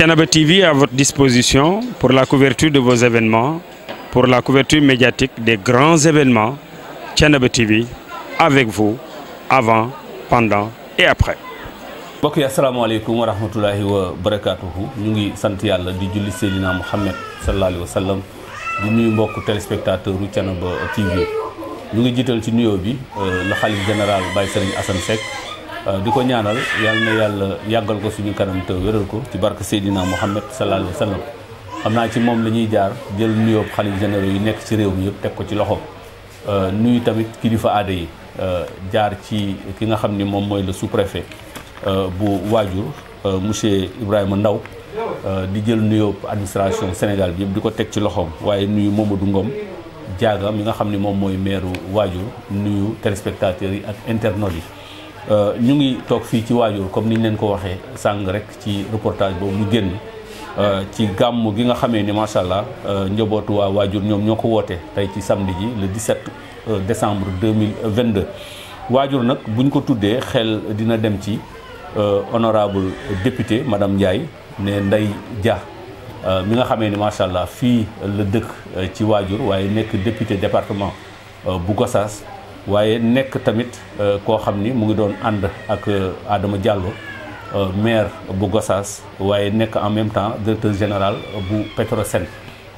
Thiénaba TV à votre disposition pour la couverture de vos événements, pour la couverture médiatique des grands événements. Thiénaba TV avec vous avant, pendant et après. mbokk yi asalaamaaleykum wa rahmatulahi wa barakaatuhu ñu ngi sant yàlla di julli Seydina Muhammad sallallahu alayhi wa sallam di nuyu mbokk téléspectateur u Thiénaba TV mu ngi jiital ci nuyo bi euh, le xalif général Baye Serigne Assane Seck. Euh, di ko ñaanal yàlla yàlla yàggal ko suñu kanam te wéral ko ci barke Seydina Mouhamed sallallahu alayhi wa sallam xam naa ci moom la ñuy jaar jël nuyoo xalif généraux yi nekk ci réew mi yëpp teg ko ci loxoom euh, nuyu tamit kilifa aada yi euh, jaar ci ki nga xam ni moom mooy le sous-préfet bu waajur monsieur Ibrahima Ndaw di jël nuyoo administration Sénégal bi yëpp di ko teg ci loxoom waaye nuyu Mamadou Ngom jaaga mi nga xam ni moom mooy maire waajur nuyu téléspectateurs yi ak internautes yi Euh, ñu ngi toog fii ci waajur comme ni niñ leen ko waxee sàng rek ci reportage boobu mu génn euh, ci gàmm gi nga xamee ni macha allah euh, njabootu waa waajur ñoom ñoo ko wootee tey ci samedi ji le 17 décembre 2022 waajur nag bu buñ ko tuddee xel dina dem ci honorable député madame Ndiaye ne Ndeye Dia mi nga xamee ni macha allah fii la dëkk ci waajur waaye nekk député département bu Gossas waaye nekk tamit euh, koo xam ni mu ngi doon ànd ak aadama euh, Diallo euh, maire bu Gossas waaye nekk en même temps directeur général bu Petrosen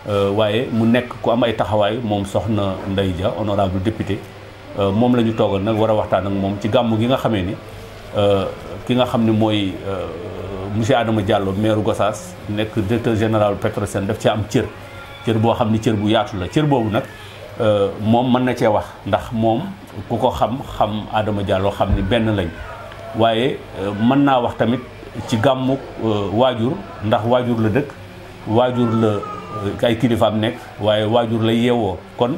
waaye mu nekk ku am ay taxawaay moom soxna Ndeye Dia honorable député moom la ñu toogal nag war a waxtaan ak moom ci gàmm gi nga xamee ni ki nga xam ni mooy monsieur Adama Diallo maire Gossas nekk directeur général Petrosen daf ci am cër cër boo xam ni cër bu yaatu la cër boobu nag Euh, moom mën na cee wax ndax moom ku ko xam xam aadama Diallo xam ni benn lañ waaye euh, mën naa wax tamit ci gàmmu euh, waajur ndax waajur la dëkk waajur la ay kilifaam nekk waaye waajur la yeewoo kon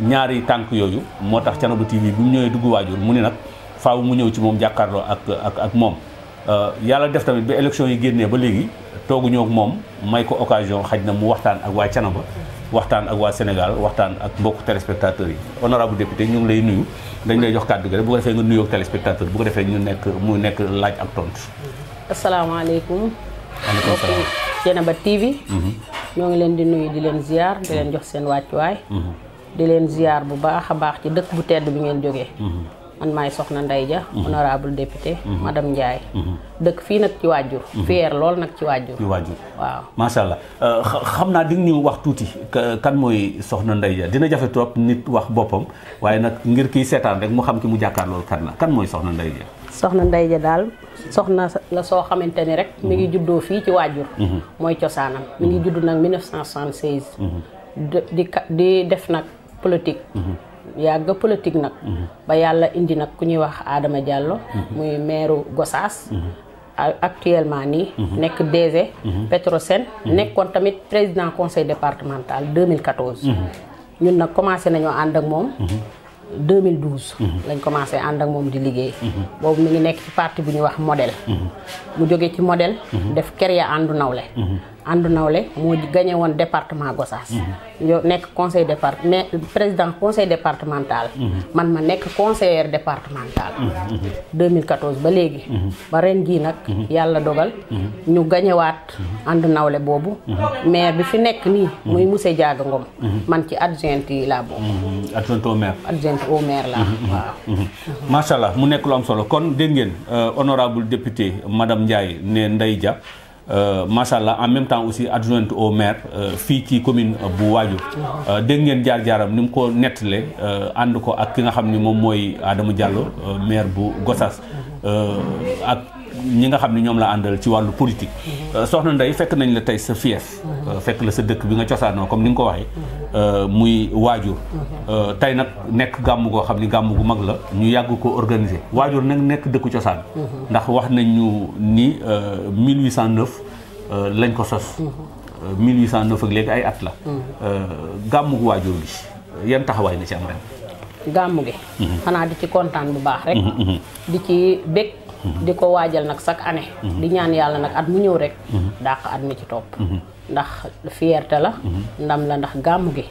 ñaari tànk yooyu moo tax Thiénaba TV bi mu ñëwee dugg waajur mu ni nag faaw mu ñëw ci moom jàkkaarloo ak ak ak moom yàlla def tamit ba élection yi génnee ba léegi tooguñoo ak moom may ko occasion xaj na mu waxtaan ak waa Thiénaba waxtaan ak waa Sénégal waxtaan ak mbokku téléspectateurs yi honorable député ñu ngi lay nuyu dañ lay jox kàddu gi rek bu ko defee nga nuyoo ak téléspectateur bu ko defee ñu nekk mu nekk laaj ak tontu. asalaamaaleykum. waaleykum salaam Thiénaba TV. Mhm. ñoo ngi leen di nuyu di leen ziar di leen jox seen wàccuwaay. Mhm. di leen ziar bu baax a baax ci dëkk bu tedd bi ngeen jógee. Mhm. man maay soxna Ndeye Dia mhm. honorable mhm. ma dem Ndiaye mhm. dëkk fii nag ci waajur fier lool nag ci waajur ci waajur waaw macha allah euh, xam naa di nga wax tuuti kan mooy soxna Ndeye Dia dina jafe trop nit wax boppam waaye nag ngir kiy seetaan rek mu xam ki mu jàkkaar loolu kan la kan mooy soxna Ndeye Dia soxna Ndeye Dia daal soxna la soo xamante ni rek mi ngi juddoo fii ci waajur mooy cosaanam mi ngi juddu nag 1976 di di def nag politique yàgg politique nag. Mhm. ba yàlla indi nag ku ñuy wax aadama Diallo. Mhm. muy maire gosaas mhm. actuellement nii. nekk DG. Petrosen. nekkoon tamit président conseil départemental 2014. ñun nag commencé nañoo ànd ak moom. 2012. lañ commencé ànd ak moom di liggéey. boobu mu ngi nekk ci parti bu ñuy wax modèle. mu jóge ci modèle. def kër ya àndu nawle. àndu nawle moo gagné woon département Gossas mhm. yow nekk conseil départ mais président conseil départemental mhm. man ma nekk conseiller départemental 2014 mhm, ba léegi ba ren jii nag yàlla dogal ñu gañewaat àndu nawle boobu maire bi fi nekk nii muy monsieur Diaga Ngom man ci adjointe yi laa boobu adjointe au maire adjointe au laa waaw macha mu nekk lu am solo kon dégg ngeen euh, honorable député madame Ndiaye ne Ndeye Dia Euh, macha allah en même temps aussi adjointe au maire euh, fii ci commune euh, bu Waajur dégg ngeen jaar-jaaram ni mu ko nettalee ànd ko ak ki nga xam ni moom mooy aadama Diallo maire bu Gossas ak. ñi nga xam ne ñoom la àndal ci wàllu politique mhm. euh, soxna Ndeye fekk nañ la tey sa fief mhm. euh, fekk la sa dëkk bi nga cosaanoo comme ni nga ko waxee mhm. euh, muy waajur tey nag nekk gàmm goo xam ni gàmm gu mag la ñu yàgg ko organiser waajur nag nekk dëkku cosaan ndax wax nañ ñu ni 1809 lañ ko sos 1809 ak léegi ay at la gàmm waajur gi yan taxawaay na ci am ren gàmm gi xanaa di ci kontaan bu baax rek di ci bëgg di ko waajal nag chaque année. Mhm. di ñaan yàlla nag at mu ñëw rek. Mhm. dàq at mu ci topp. Mhm. ndax fierté la. ndam la ndax gàmm gi.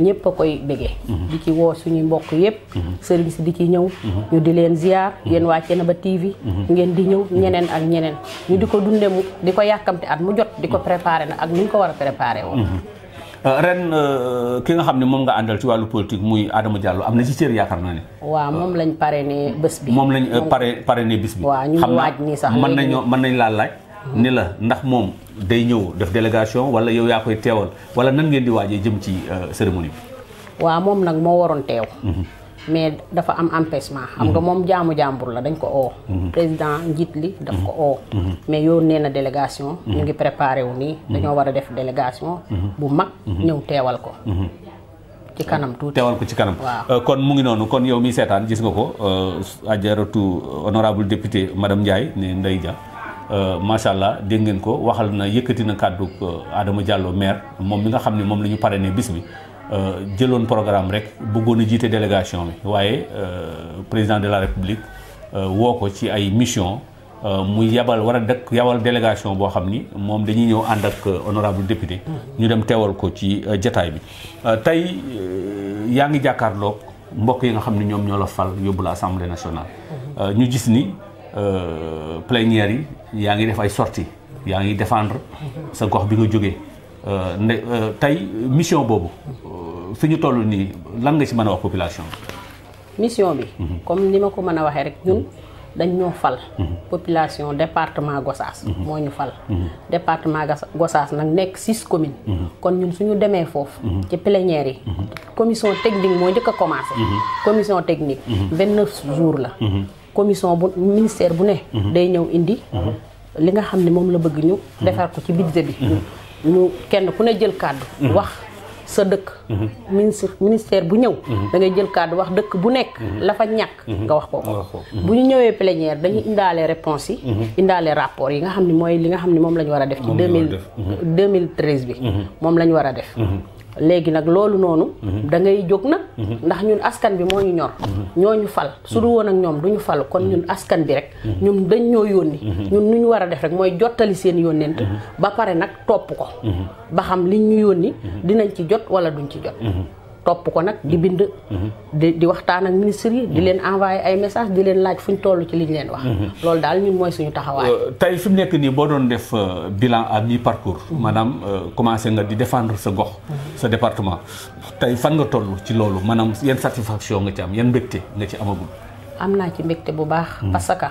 ñëpp a koy bëggee. di ci woo suñuy mbokk yëpp. sëriñ si di ci ñëw. ñu di leen ziar yéen na ba TV. ngeen di ñëw ñeneen ak ñeneen. ñu di ko dundee mu di ko yàkkamte at mu jot. di ko préparé nag ak ni ñu ko war a préparé woon. Euh, ren euh, ki nga xam ne moom nga àndal ci wàllu politique muy Adama Diallo am na ci cër yaakaar naa ne. waaw euh, moom lañ parrainé bés bi. moom lañ parrainé parrainé bis bi. xam na waaj nii sax mën nañoo mën nañ laa laaj. ni la ndax moom day ñëw def délégation wala yow yaa koy teewal wala nan ngeen di waajee jëm ci cérémonie bi. waaw moom nag moo waroon teew. Mhm. mais dafa am empêchement. xam nga mhm. moom jaamu jàmbur la dañ ko oo. Mhm. président njiit li daf ko mhm. oo. mais yónnee na délégation. ñu ngi préparé wu nii. dañoo war a def délégation. bu mag ñëw teewal ko. ci kanam tuuti teewal ko ci kanam. Euh, kon mu ngi noonu kon yow mi seetaan gis nga ko ajaratu euh, honorable député madame Ndiaye ne Ndeye Dia. Euh, macha allah dégg ngeen ko waxal na yëkkati na kàddu Adama Diallo maire moom mi nga xam ne moom la ñu parrainé bis bi. Euh, jëloon programme rek bëggoon a jiite délégation bi waaye euh, président de la république euh, woo ko ci ay mission muy yabal war a dëkk yabal délégation boo xam ni moom dañuy ñëw ànd ak honorable député ñu dem teewal ko ci jataay bi tey yaa ngi jàkkaarloog mbokk yi nga xam ne ñoom ñoo la fal yóbbu la assemblée nationale ñu gis ni plénière yi yaa ngi def ay sorti yaa ngi defendre sa gox bi nga jógee nde mission boobu fi ñu nii lan nga ci mën a wax population mission bi. Mhm. comme ni ma ko mën a waxee rek ñun mhm. dañ ñoo fal. Mhm. population département Gossas. moo ñu fal. département Gossas nag nekk six communes. kon ñun suñu demee foofu. ci plénière yi. commission technique moo njëkk a commencé. commission technique. vingt neuf jours la. commission bu ministère bu ne. day ñëw indi. li nga xam ne moom la bëgg ñu. defar ko ci budget bi. ñu kenn ku ne jël kàddu wax. sa dëkk mhm. ministre ministère bu ñëw mhm. dangay jël kàddu wax dëkk bu nekk mhm. lafa ñàkk nga wax ko bu ñu ñëwee plénière dañuy indaale réponse yi indaale rapport yi nga xam ne mooy li nga xam ne moom la ñu war a def ci deux mille deux mille treize bi moom la ñu war a def léegi nag loolu noonu. Mhm. da ngay jóg nag. Mhm. ndax ñun askan bi moo ñu ñor. Mhm. ñoo ñu fal su du woon ak ñoom du ñu fal kon ñun askan bi rek. ñun dañ ñoo yónni. ñun nu ñu war a def rek mooy jottali seen yónnent. ba pare nag topp ko. ba xam li ñu yónni. dinañ ci jot wala duñ ci jot. topp ko nag di bind. di di waxtaan ak ministres di leen envoyé ay message di leen laaj fu ñu toll ci liñ leen wax. Mhm. loolu daal ñun mooy suñu taxawaay. Euh, tey su mu nekk nii boo doon def euh, bilan à mi parcours. Mhm. maanaam euh, commencé nga di défendre sa gox. Mhm. sa département tey fan nga toll ci loolu maanaam yan satisfaction nga ci am yan mbégte nga ci amagul. am naa ci mbégte bu baax. parce que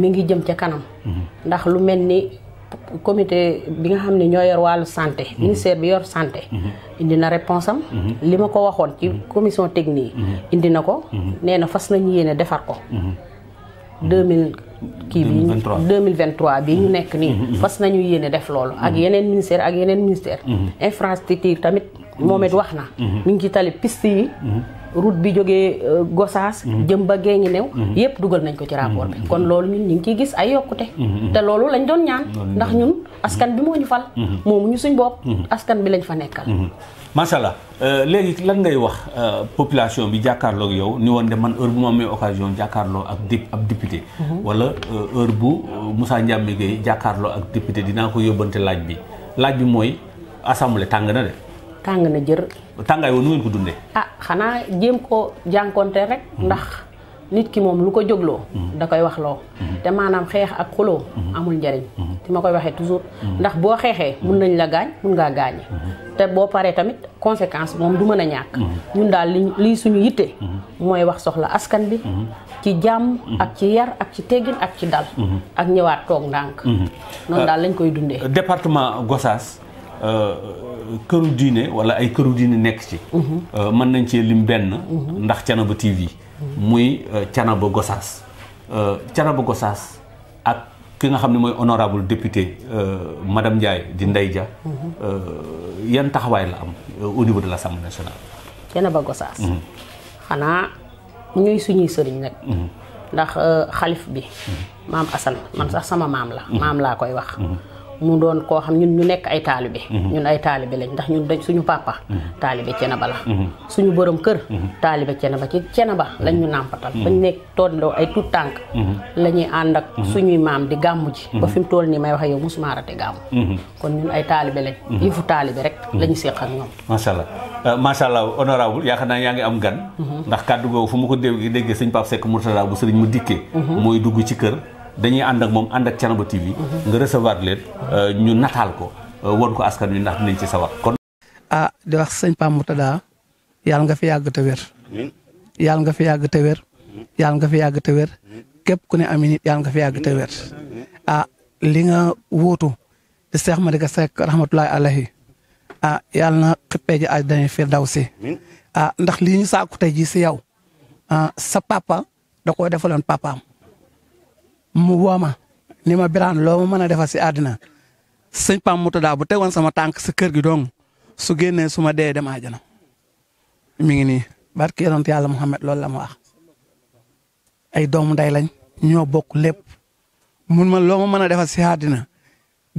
mi ngi jëm ca kanam. ndax lu mel ni comité bi nga xam ne ñoo yor wàllu santé mhm. ministère bi yor santé mhm. indi na réponse am mhm. li ma ko waxoon ci commission technique indi na ko nee na fas nañu yéene defar ko deux mille kii bi deux mille vingt bi ñu nekk nii fas na nañu yéene def loolu ak yeneen ministère ak yeneen ministère infrastructure tamit moom it wax na mi ngi tali piste yi route bi jógee euh, Gossas mhm. jëm ba Guinguinéo new mhm. yëpp dugal nañ ko ci rapport bi mhm. kon loolu ñun ñu ngi ciy gis ay yokkute te loolu lañ doon ñaan ndax ñun askan bi moo ñu fal moomu ñu suñ bopp askan bi lañ fa nekkal macha allah euh, léegi lan ngay wax euh, population bi jàkkaarloo yow ni woon de man heure bu ma amee occasion jàkkaarloo ak dip ab député wala heure bu musaa Ndiamé Guèye jàkkaarloo ak député dinaa ko yóbbante laaj bi laaj bi mooy assemblée tàng na de tàng na jër. tàngaay woo nu ngeen ko dundee. ah xanaa jéem koo jànkonte rek. Mhm. ndax nit ki moom lu ko jógloo. Mhm. da koy wax loo. Mhm. te maanaam xeex ak xuloo. amul njariñ. ti ma koy waxee toujours. ndax boo xeexee mun nañ la gaañ mun ngaa te boo paree tamit conséquence moom du mën a ñàkk. ñun daal li lii suñu yitte. mooy wax soxla askan bi. ci jàmm ak ci yar ak ci teggin ak ci dal. ak ñëwaat toog ndànk. daal euh, lañ koy dundee. département Gossas. Euh, këru diine wala ay këru diine nekk ci euh, mën nañ cee lim benn ndax Thiénaba TV muy euh, Thiénaba Gossas Thiénaba Gossas ak ki nga xam ne mooy honorable député madame Ndiaye di Ndeye Dia yan taxawaay la am au niveau de l'Assemblée nationale Thiénaba Gossas mhm. xanaa ñuy suñuy sëriñ nag mhm. ndax xalif bi mhm. maam Assane man sax sama maam la maam laa koy wax mu doon koo xam ñun ñu nekk ay taalibe mhm. ñun ay taalibe lañ ndax ñun dañ suñu papa mhm. taalibe Cenaba la mhm. suñu borom kër taalibe Cenaba ci Cenaba lañ ñu nàmpatal bañ nekk tolloo ay tout tànk la ñuy ànd ak suñuy maam di gàmmu ji ba fi mu toll nii may wax yow mosuma rate gàmmu kon ñun ay taalibe lañ yëfu taalibe rek la ñu séq ak la macha allah euh, macha allah honorable yaakaar naa yaa ngi am gan ndax kàddu googu fu ma ko dégg déggee sëñ Pape Seck Mourtada sëriñ mu dañuy ànd ak moom ànd ak Thiénaba TV euh, ñu nataal ko euh, won ko askan wi ndax dinañ ci sawar kon. ah di wax sëñ Pape Moutada yàlla nga fi yàgg te nga fi yàgg te wér. yàlla nga fi yàgg te wér. képp ku ne am it yàlla nga fi yàgg te wér. ah li nga wóotu di Seex Madika Seck rahmatulahi alayhi ah yàlla na xippee ji àjjana firdawsi ah ndax li ñu saako ji si yow ah, sa papa da koo defaloon papaam. mu woo ma ni ma biraan loo ma mën a defa si àddina sëñ Pam Moutada bu tegoon sama tànk si kër gi dong su génnee su ma dee dem àjjana mi ngi nii barki yonent yàlla Muhammad loolu la ma wax ay doomu nday lañ ñoo bokk lépp mun ma loo ma mën a defal si àddina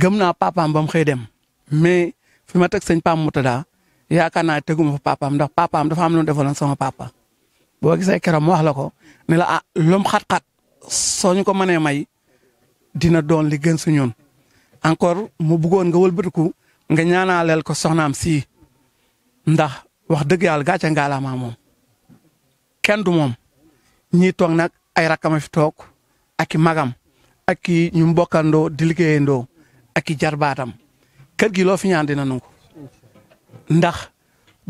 gëm naa papaam ba mu xëy dem mais fi ma teg sëñ Pam Moutada yaakaar naa teguma fa papaam ndax papaam dafa am lu mu defaloon sama papa boo gisee keroog mu wax la ko ne la ah lum xat-xat soo ñu ko mënee may dina doon li gën su ñun encore mu bëggoon nga wëlbatiku nga ñaanaaleel ko soxnaam si ndax wax dëgg yàlla gàcce moom kenn du moom ñii toog nag ay rakkama fi toog ak i magam ak i ñu mbokkandoo di liggéeyandoo ak i jarbaatam kër gi loo fi ñaan dina nangu ndax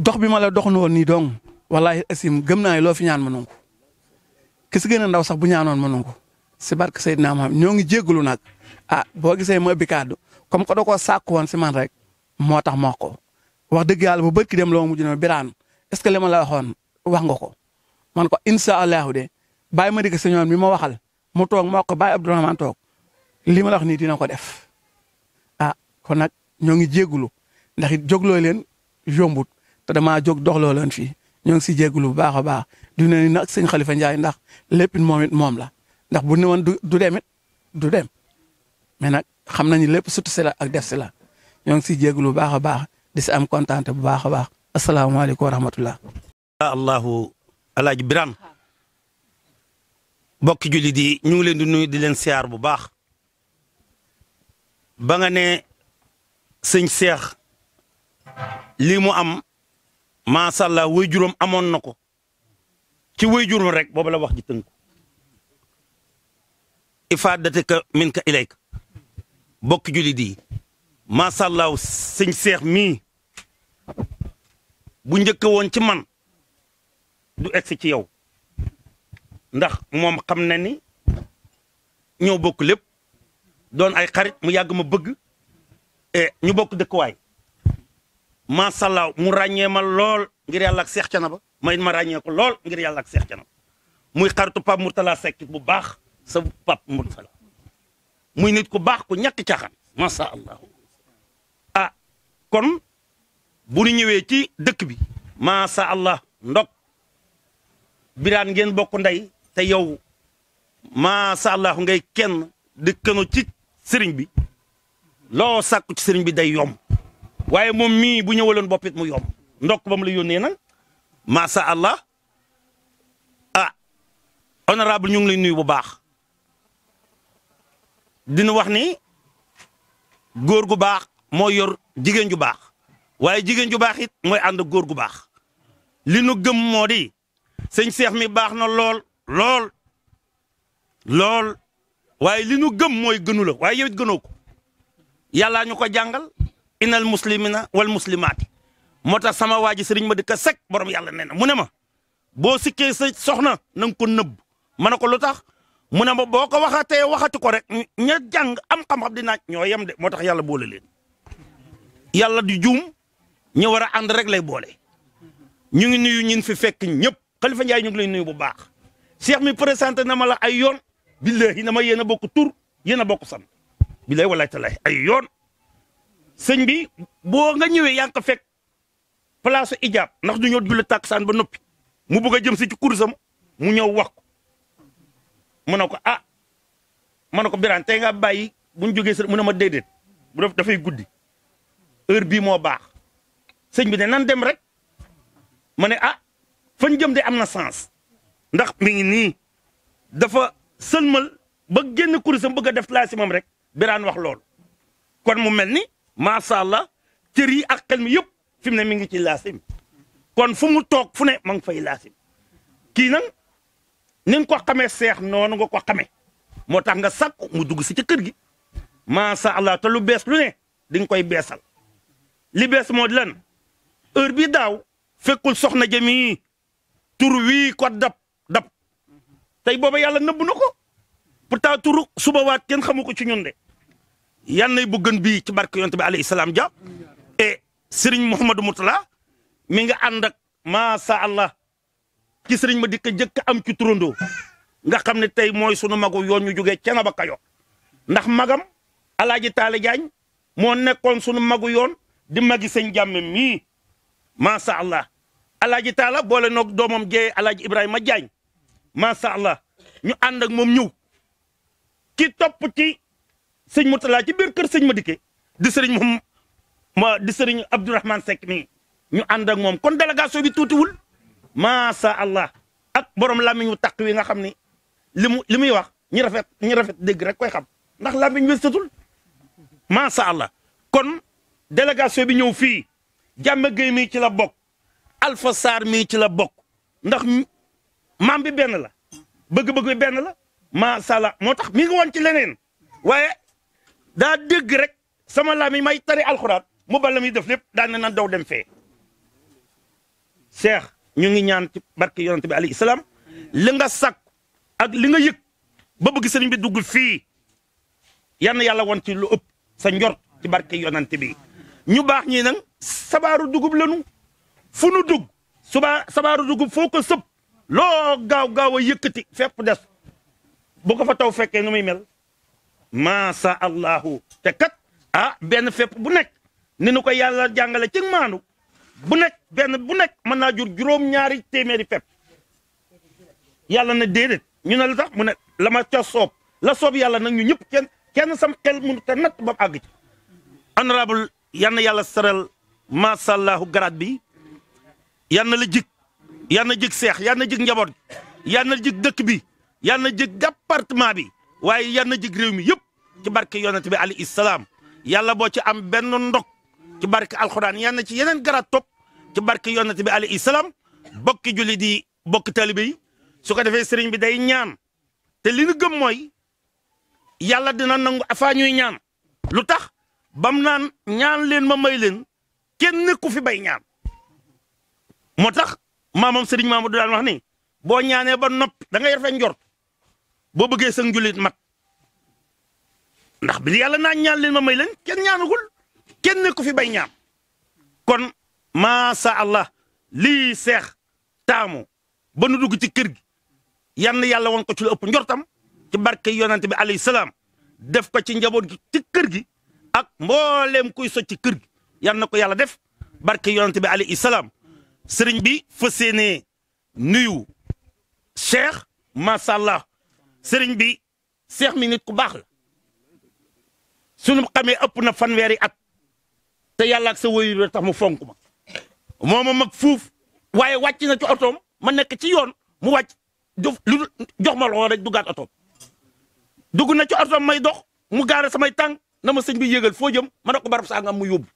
dox bi ma la dox woon ni dong wallahi asim gëm naa loo fi ñaan ma nangu ki si gën ndaw sax bu ñaanoon mënu ko si barke Seydina Muhammad ñoo ngi jéggalu nag ah boo gisee ma bi kaddu comme ko da koo sàkku woon si man rek moo tax moo ko wax dëgg yàlla bu bët ki dem loo mujj na biraan est ce que li ma la waxoon wax ko man ko incha allahu de baay ma dikk señoon bi ma waxal mu toog moo ko bàyyi Abdourahmane toog li ma la wax nii dina ko def ah kon nag ñoo ngi jégalu ndax it jógloo leen yombut te damaa jóg doxloo leen fii ñoo ngi si jégalu bu baax a baax du ne nag sëñ Khalifa Ndiaye ndax lépp moom moom la ndax bu ne du du dem du dem mais nag xam nañu lépp surtout si la ak def si la ñoo ngi si jégalu bu baax a baax di si am kontaan bu baax a baax asalaamaaleykum wa rahmatullah. allahu alaaji biram mbokki jullit yi ñu ngi leen di nuyu di leen siyaar bu baax baŋa ne sëñ Cheikh lii am. macha allah way juróom amoon na ko ci way juróom rek boobu la wax ji tënku ifaadatika minka ilayka bokk jullit yi macha allah sëñ seex mii bu njëkk woon ci man du si ci yow ndax moom xam na ni ñoo bokk lépp doon ay xarit mu yàgg ma bëgg eh, ñu bokk dëkkuwaay macha allah mu ràññee ma lool ngir yàlla ak Seex Canaba may ma ràññee ko lool ngir yàlla ak Seex Canaba muy xaritu Pape Mourtala Seck bu baax sa Pape Mourtala muy nit ku baax ku ñàkk caaxaan macha allah ah kon bu ñu ñëwee ci dëkk bi macha allah ndog biraan ngeen bokk ndey te yow macha allah ngay kenn di ci sëriñ bi loo sàkku ci sëriñ bi day yomb. waaye moom mii bu ñëwaloon boppit mu yomb ndok ba mu la yónnee nag macha allah a ah, honorable ñu ngi lay nuyu bu baax dina wax ni góor gu baax moo yor jigéen ju baax waaye jigéen ju baax it mooy ànd góor gu baax li nu gëm moo di sëñ seex mi baax na lool lool lool waaye li nu gëm mooy gënu la waaye yow it gënoo ko yàllaa ñu ko jàngal innal muslimina wal muslimaati moo tax sama waa ji sëriñ ma di ko sek borom yàlla nee na mu ne ma boo sikkee sa soxna nan nga ko nëbb ma ne ko lu tax mu ne ma boo ko waxatee waxati ko rek ña jàng am xam-xam dinaa ñoo yem de moo tax yàlla boole leen yàlla di juum ñu war a ànd rek lay boole ñu ngi nuyu ñin fi fekk ñëpp kalifa Ndiaye ñu ngi lay nuyu bu baax Cheikh mi présenté na ma la ay yoon billahi na ma yéen a bokk tur yéen a bokk sant billahi wallahi talahi ay yoon sëñ bi boo nga ñëwee yaa ngi ko fekk place ijaab ndax du ñoo julli tàkkusaan ba noppi mu bëgg a jëm si ci mu ñëw wax ko mu ne ko ah ma ne ko biraan tey nga bàyyi bu ñu jógee sa mu ne ma déedéet bu dafay guddi heure bii moo baax sëñ bi ne nan dem rek ma ne ah fañ jëm de am na sans ndax mi ngi nii dafa sëlmal ba génn kursam bëgg a def laa si moom rek biraan wax lool kon mu mel ni macha allah cër yi ak xel mi yëpp fi mu ne mi ngi ci laasim kon fu mu toog fu ne ma ngi fay laasim kii nag ni nga ko xamee seex noonu nga ko xamee moo tax nga sakku mu dugg si ci kër gi macha allah te lu bees lu ne di nga koy beesal li bees moo di lan heure bi daaw fekkul soxna jëmi tur wii ko dab dab tey booba yàlla nëbb na ko pourtant turu suba waat kenn xamu ko ci ñun de. yan nay bu gën bii ci barke yonte bi alayhi salaam ja et Serigne Mouhamadou Moutala mi nga ànd ak macha allah ci Serigne ma dikk jëkk am ci turandoo nga xam ne tey mooy sunu magu yoon ñu jógee Thiénaba Kajoor ndax magam alaaji Taale Jaañ moo nekkoon sunu magu yoon di magi sëñ jàmme mii macha allah alaaji Taala boole noog doomam jee alaaji Ibrahima Jaañ macha allah ñu ànd moom ñëw ki topp ci. sëñ Mourtala ci biir kër sëñ ma dikke di sëriñ moom ma di sëriñ Abdourahman Seck mii ñu ànd ak moom kon délégation bi tuutiwul macha allah ak borom lamiñ wu taq wi nga xam ni limu mu li muy wax ñi rafet ñi rafet dégg rek koy xam ndax lamiñ wéstatul macha allah kon délégation bi ñëw fii jàmm géey mii ci la bokk Alpha Sarr mii ci la bokk ndax maam bi benn la bëgg-bëgg bi benn la macha allah moo tax mi ngi woon ci leneen daa dégg rek sama lami may tari alxuraan mu bala muy def lépp daan na nan daw dem fee. seex ñu ngi ñaan ci barke yonent bi alayhi salaam li nga sàkk ak li nga yëg ba bëgg sëriñ bi dugg fii yan yàlla won ci lu ëpp sa njort ci barke yonent bi ñu baax ñi nag sabaaru dugub lanu fu nu dugg suba sabaaru dugub foo ko sëb loo gaaw gaaw a yëkkati fépp des bu ko fa taw fekkee nu muy mel. maasa allahu te kat ah benn fépp bu nekk ni nu ko yàlla jàngale ci maandu bu nekk benn bu nekk mën naa jur juróom-ñaari téeméeri fépp yàlla na déedéet ñu ne la tax mu ne la ma ca soob la soob yàlla nag ñu ñëpp kenn kenn sam xel mënut a natt ba àgg ci. honorable yal na yàlla saral maasa allahu garaat bi yal na la jig yal na jig seex yal na jig njaboot yal na jig dëkk bi yal na jig département bi. waaye yal na jig réew mi yëpp ci barke yonent bi alayhi salaam yàlla boo ci am benn ndog ci barke alxuraan yan na ci yeneen garaat topp ci barke yonent bi alayhi salaam bokki julli di bokk talibe yi su ko defee sëriñ bi day ñaan te li nu gëm mooy yàlla dina nangu afaa ñuy ñaan lu tax bam naan ñaan leen ma may leen kenn ku fi bay ñaan moo tax maamoom maamam sëriñ Mamadou daan wax ni boo ñaanee ba nopp da ngay rafet boo bëggee sa njulit mat ndax bi yàlla naa ñaan leen ma may leen kenn ñaanagul kenn ku fi bay ñaan kon maasa allah lii seex taamu ba nu dugg ci kër gi yann yàlla won ko ci lu ëpp njortam ci barke yonante bi alayhi salaam def ko ci njaboot gi ci kër gi ak mbooleem kuy so ci kër gi yan na ko yàlla def barke yonante bi alayhi salaam sëriñ bi fa séenee nuyu seex maasa allah sëriñ bi seex mi nit ku baax la sunu xamee ëpp na fanweeri at te yàlla ak sa wóyul la tax mu fonk ma moo ma mag fuuf waaye wàcc na ci otoom ma nekk ci yoon mu wàcc lu jox ma loxo rek dugaat otoom dugg na ci otoom may dox mu gaare samay tànk na ma sëñ bi yëgal foo jëm ma ne ko barab sangam mu yóbbu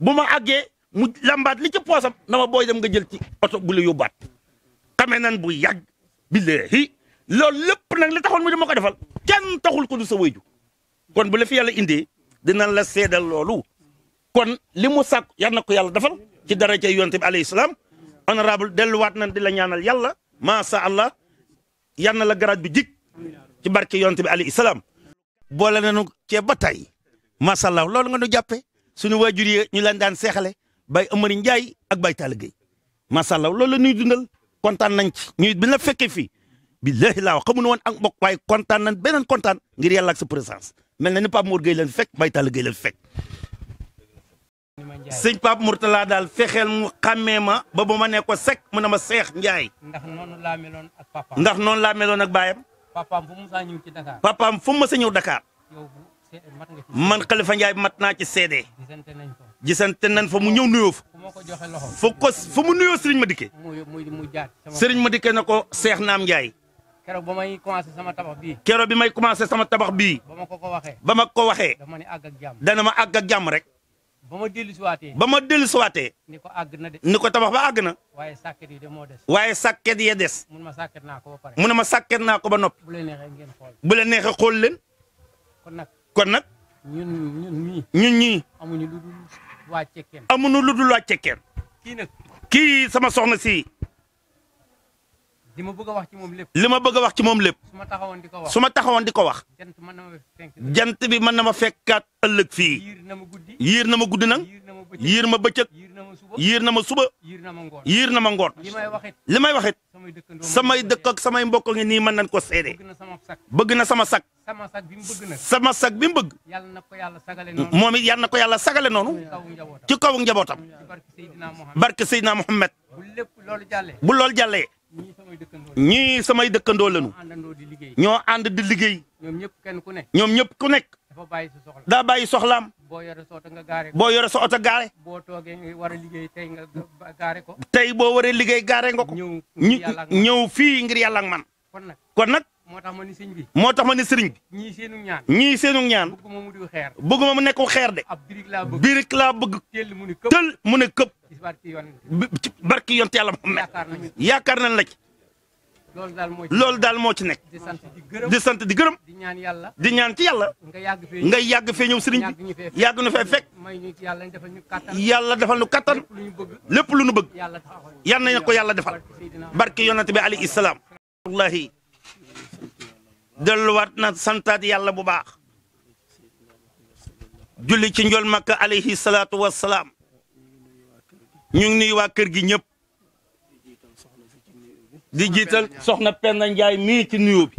bu ma àggee mu lambaat li ci poosam na ma booy dem nga jël ci oto bu la yóbbaat xamee nan bu yàgg billaahi loolu lépp nag li taxoon mu di ma ko defal kenn taxul ko du sa wéju kon bu la fi yàlla indee dina la seedal loolu kon li mu sàkk yal na ko yàlla defal ci dara ca yonte bi alayhi salaam honorable delluwaat nañ di la ñaanal yàlla macha allah yal na la garaaj bi jig ci barke yonte bi alayhi salaam boole nañu ceeb ba tey macha allah loolu nga nu jàppee suñu waajur yi ñu leen daan seexale bay Amari Njaay ak bay Talla Gueye macha allah loolu la nuy dundal kontaan nañ ci ñuy bi la fekkee fii billahi laa wax xamuñu woon ak mbokk waaye kontaan nañ beneen kontaan ngir yàlla sa présence mel na ni Pape Mor Gueye leen fekk Baye Talla Gueye leen fekk. sëñ Pape Mourtala daal fexeel mu xàmmee ma ba ba ma ne ko sec mu ne ma Seex Njaay. ndax noonu laa meloon ak papaam. ndax laa meloon ak baayam. papaam fu mu saa ñëw mu ma sa ñëw man Khalifa Ndiaye mat naa ci seede. gisante nañ fa gisante nañ fa mu ñëw nuyoo fa. fu ma ko joxe loxo. mu nuyoo Serigne Madické. muy muy mu jaar. ne ko Seex Naam Njaay. keroog ba may commencé sama tabax bii. keroog bi may commencé sama tabax bii. ba ma ko ko waxee. ba ma ko waxee. dama ni àgg jàmm. dana ma àgg ak jàmm rek. ba ma dellusiwaatee. ba ma dellusiwaatee. ni ko àgg na de. ni ko tabax ba àgg na. waaye sàkket yi de moo des. waaye sàkket yee des. mun ma sàkket naa ko ba pare. mun ma sàkket naa ko ba noppi. bu leen neexee ngeen xool. bu leen neexee xool leen. kon nag. kon nag. ñun ñun amuñu lu dul waa cekkeen. lu dul waa cekkeen. kii nag. kii sama soxna si. li ma bëgg wax ci moom lépp. li ma bëgg wax ci moom lépp. su ma taxawoon di ko wax su ma taxawoon di ko wax. jant bi mën na ma fekkaat ëllëg fii. yiir na ma guddi yiir na ma guddi nag. yiir ma bëccëg yiir na ma suba yiir na ma ngoon li may waxit samay dëkk ak samay mbokk ngi nii mën nañ ko seede bëgg na sama sak sama sak bi mu bëgg moom it yal na ko yàlla sagale noonu ci kaw njabootam barke Seydina Mohamed bu loolu jàllee ñii samay dëkkandoo lañu ñoo ànd di liggéey ñoom ñëpp kenn ku nekk ñoom ñëpp ku nekk daa bàyyi soxlaam boo yore soo oto nga gaare boo yore sa oto gaare boo toogee war a liggéey tey nga gaare ko tey boo waree liggéey gaare nga ko ñëw fii ngir yàlla ak man kon nag moo tax ma ni sëriñ bi. moo tax ma ni sëriñ bi. ñii seenu ñaan. ñii seenu ñaan. bëgguma mu diw xeer. bëgguma mu nekku xeer de. ab birig laa bëgg. birig laa bëgg. teel mu ne këpp teel mu ne këpp. ci barki yonent yàlla Muhammad. yaakaar nañ la ci. loolu daal moo ci nekk. di sant di gërëm di sant di gërëm. di ñaan yàlla di ñaan ci yàlla. nga yàgg fee ñëw yàgg fee ñëw sëriñ bi. yàgg nu fee fekk. may ñu ci yàlla defal ñu kattan. yàlla defal ñu kattan. lépp lu nu bëgg. yàlla na ko yàlla defal. barki yonent bi alayhi salaam. wallahi delluwaat na santaat yàlla bu baax julli ci njol makka alayhi salaatu wassalaam ñu ngi nuyu waa kër gi ñépp di jiital soxna Penda Njaay mii ci nuyu bi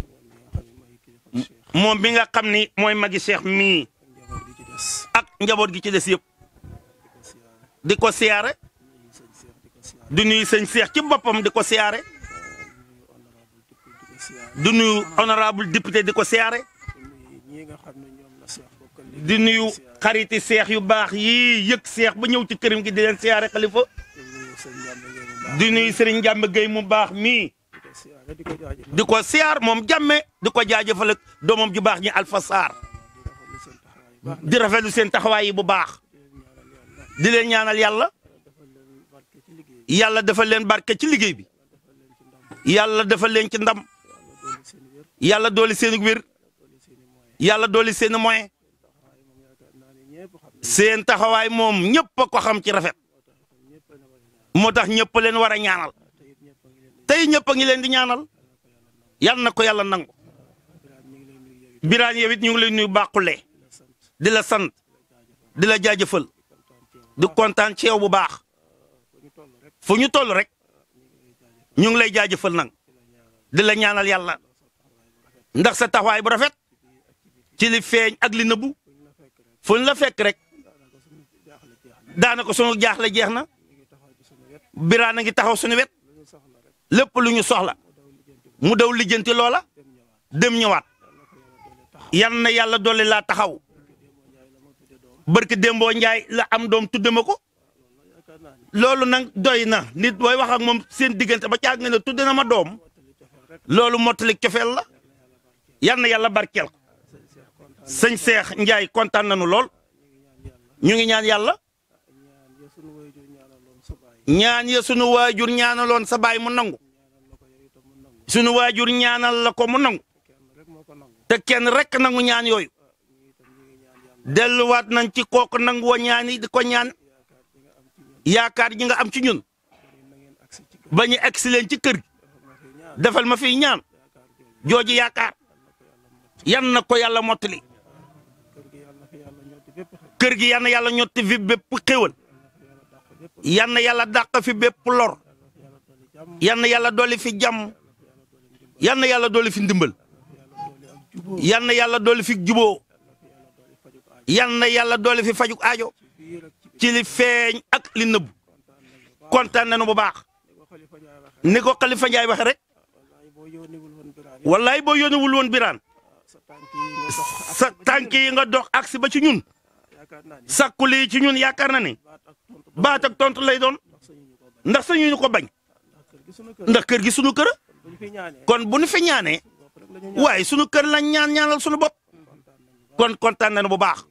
moom bi nga xam ni mooy magi cheikh mii ak njaboot gi ci des yëpp di ko siyaare di nuyu sëñ seex ci boppam di ko siyaare du nuyu honorable député di ko siyaare di nuyu xariti seex yu baax yii yëg seex ba ñëw ci këram gi di leen siyaare xalifa di nuyu sëriñ Jàmbe Gueye mu baax mi di ko siyaar moom jàmme di ko jaajëfal ak doomam ju baax ñi Alpha Sarr di rafetlu seen taxawaay yi bu baax di leen ñaanal yàlla yàlla dafa leen barke ci liggéey bi yàlla dafa leen ci ndam yàlla dooli seeni wér yàlla dooli seen moyen seen taxawaay moom ñëpp a ko xam ci rafet moo tax ñëpp leen war a ñaanal tey ñëpp a ngi leen di ñaanal yal na ko yàlla nangu biraan yow it ñu ngi lay nuyu bàqule di la sant di la jaajëfal di kontaan ci yow bu baax fu ñu toll rek ñu ngi lay jaajëfal nag di la ñaanal yàlla ndax sa taxawaay bu rafet ci li feeñ ak li nëbbu fuñ la fekk rek daanaka sunu jaaxle jeex na biraan a ngi taxaw suñu wet lépp lu ñu soxla mu daw lijjanti loola dem ñëwaat yan na yàlla dolli laa taxaw barke Dembo Njaay la am doom tudde ma ko loolu nag doy na nit booy wax ak moom seen diggante ba caag nga ne tudde na ma doom loolu mottali cofeel la yal na yàlla barkeel ko sëñ Seex Njaay kontaan na nañu lool ñu ngi ñaan yàlla ñaan ya sunu waajur ñaanaloon sa baay mu nangu sunu waajur ñaanal la ko mu nangu te kenn rek nangu ñaan yooyu delluwaat nañ ci kooku nangu wa ñaan yi ko ñaan yaakaar ji nga am ci ñun ba ñu egsi leen ci kër defal ma fiy ñaan jooju yaakaar yan na ko yàlla mottali kër gi yan na yàlla ñotti fi bépp xéwal yan na yàlla dàq fi bépp lor yan na yàlla dolli fi jàmm yan na yàlla dolli fi ndimbal yan na yàlla dolli fi juboo yan na yàlla dolli fi fajuk aajo ci li feeñ ak li nëbb kontaan nañu bu baax ni ko Khalifa Ndiaye waxee rek wallaay boo yónniwul woon biraan sa tànk yi nga dox si ba ci ñun sàkku lii ci ñun yaakaar na ni baat ak tontu lay doon ndax sañu ñu ko bañ ndax kër gi sunu kër kon bu ñu fi ñaanee waaye sunu kër lañ ñaan ñaanal sunu bopp kon kontaan nañu bu baax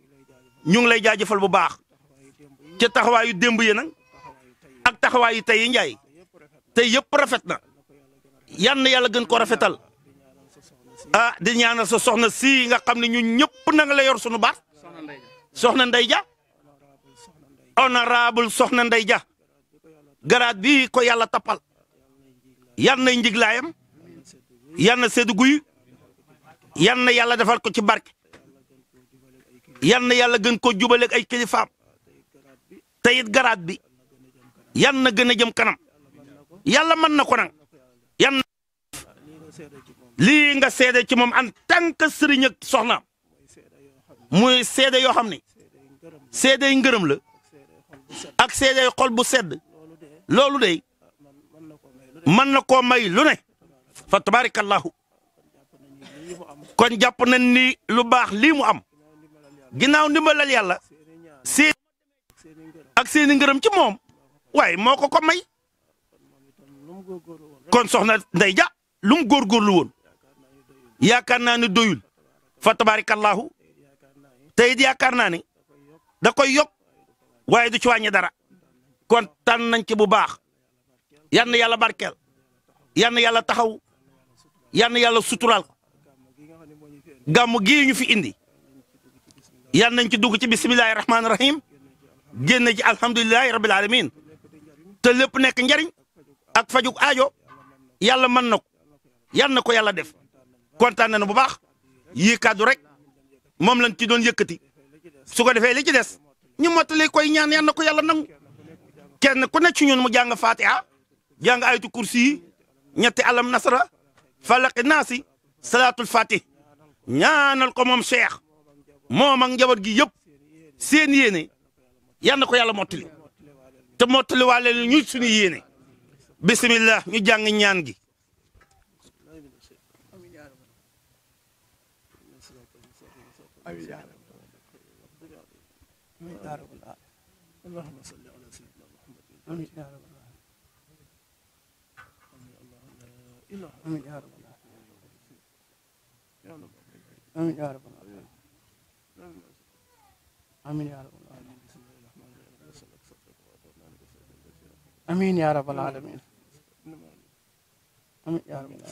ñu ngi lay jaajëfal bu baax ci taxawaayu démb yi nag ak taxawaayu tey yi njaay te yëpp rafet na yan yàlla gën ko rafetal. a ah, di ñaanal sa soxna si nga xam ne ñu ñëpp na nga la yor sunu baat soxna Ndey Ja honorable soxna Ndey Ja garaat bi ko yàlla tappal yan na njiglaayam yan na guy yan yàlla defal ko ci barke yan yàlla gën ko jubale ay kilifaam te it garaat bi yan na gën a jëm kanam yàlla mën na ko nag yan lii nga seede ci moom en tant que sëriñ ak muy seede yoo xam ne seede yi ngërëm la ak seede yi xol bu sedd loolu de mën na koo may lu ne fa tabarakallahu kon jàpp nañ ni lu baax lii mu am ginnaaw la yàlla seede ak seeni ngërëm ci moom waaye moo ko ko may kon soxna Ndeye Dia lu mu lu woon yaakaar naa ne doyul fa tabaarakallaahu tey it yaakaar naa ne da koy yokk waaye du ci wàññi dara kontaan nañ ci bu baax yal na yàlla barkeel yal na yàlla taxaw yal na yàlla suturaal ko gàmm gii fi indi yal nañ ci dugg ci bisimilahi rahmaani rahim génn ci alhamdulilahi rabil alamin te lépp nekk njariñ ak fajuk aajo yàlla mën na ko yal na ko yàlla def. kontaan nañu bu baax yii kàddu rek moom lañ ci doon yëkkati su ko defee li ci des ñu mottali koy ñaan yal na ko yàlla nangu kenn ku nekk ci ñun mu jàng Fatiha jàng ayatu kursi yi ñetti alam nasara falaqi naasi salaatul fatih ñaanal ko moom Cheikh moom ak njaboot gi yëpp seen yéene yal ko yàlla mottali te mottali waale ñu suñu yéene bismillah ñu jàng ñaan gi. amiin yaa rabbal aalamiin amiin yaa rabbal aalamiin amiin yaa rabbal aalamiin amiin yaa rabbal aalamiin amiin yaa rabbal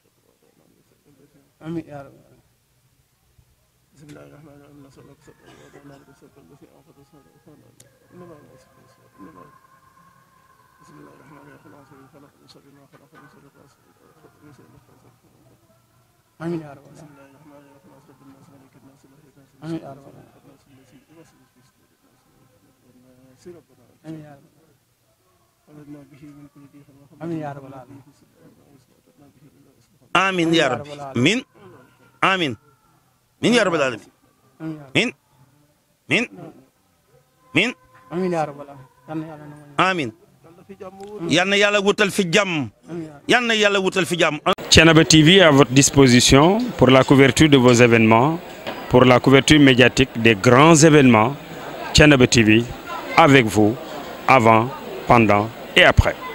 aalamiin amiin yaa rabbal aalamiin bismillahi rahmaani rahim na solo naan soppal ba si am foto so innama innama bismillahi rahmaani rahim na solo fala in sharri ma khalaq min sharri ghasiqin min sharri ma khalaq amin ya rabbal bismillahi rahmaani rahim na solo nas malik nas malik amin ya rabbal amin ya rabbal amin ya rabbal amin ya rabbal amin amin Min ya yàlla wutal fi jàmm. Yal yàlla wutal fi jàmm. Thiénaba TV est à votre disposition pour la couverture de vos événements, pour la couverture médiatique des grands événements. Thiénaba TV avec vous avant, pendant et après.